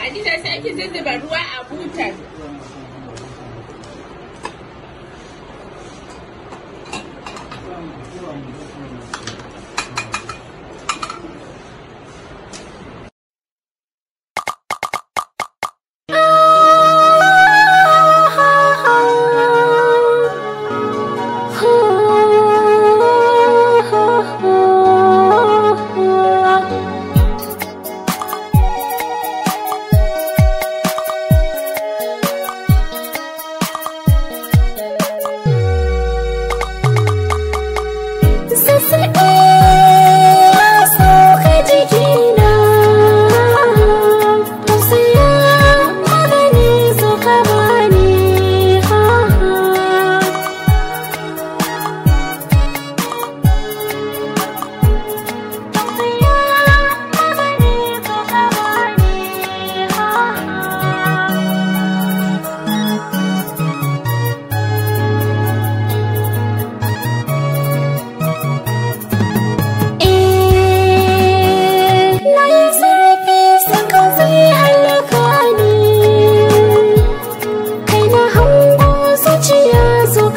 Adida sai ki zuzuba ruwa a butar.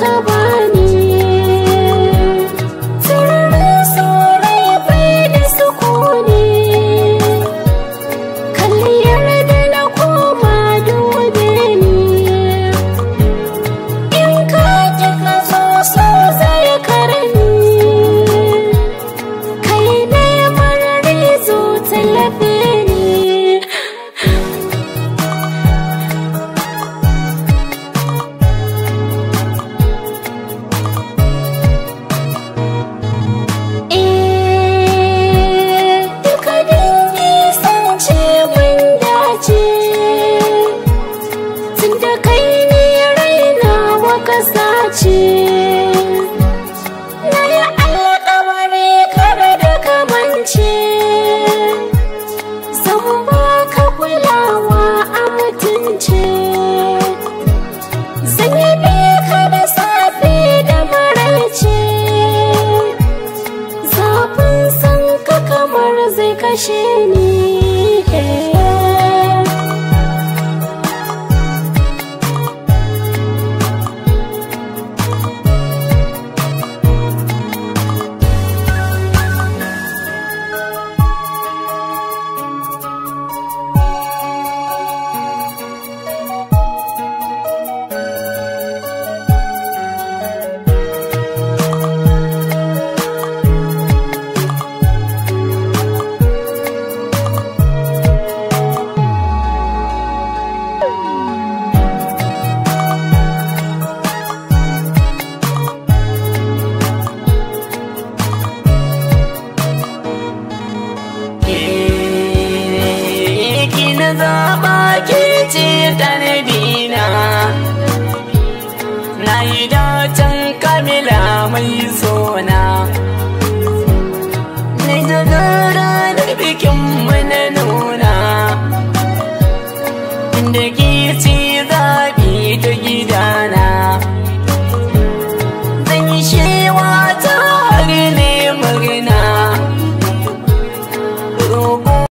October ce na yi alƙawari kada da kamance zan baka kulawa a mutunce zan yi da safe da maraice zafin san ka kamar zai kashe ni zaɓa ke ce ɗanabina na yi dacin kamila mai sona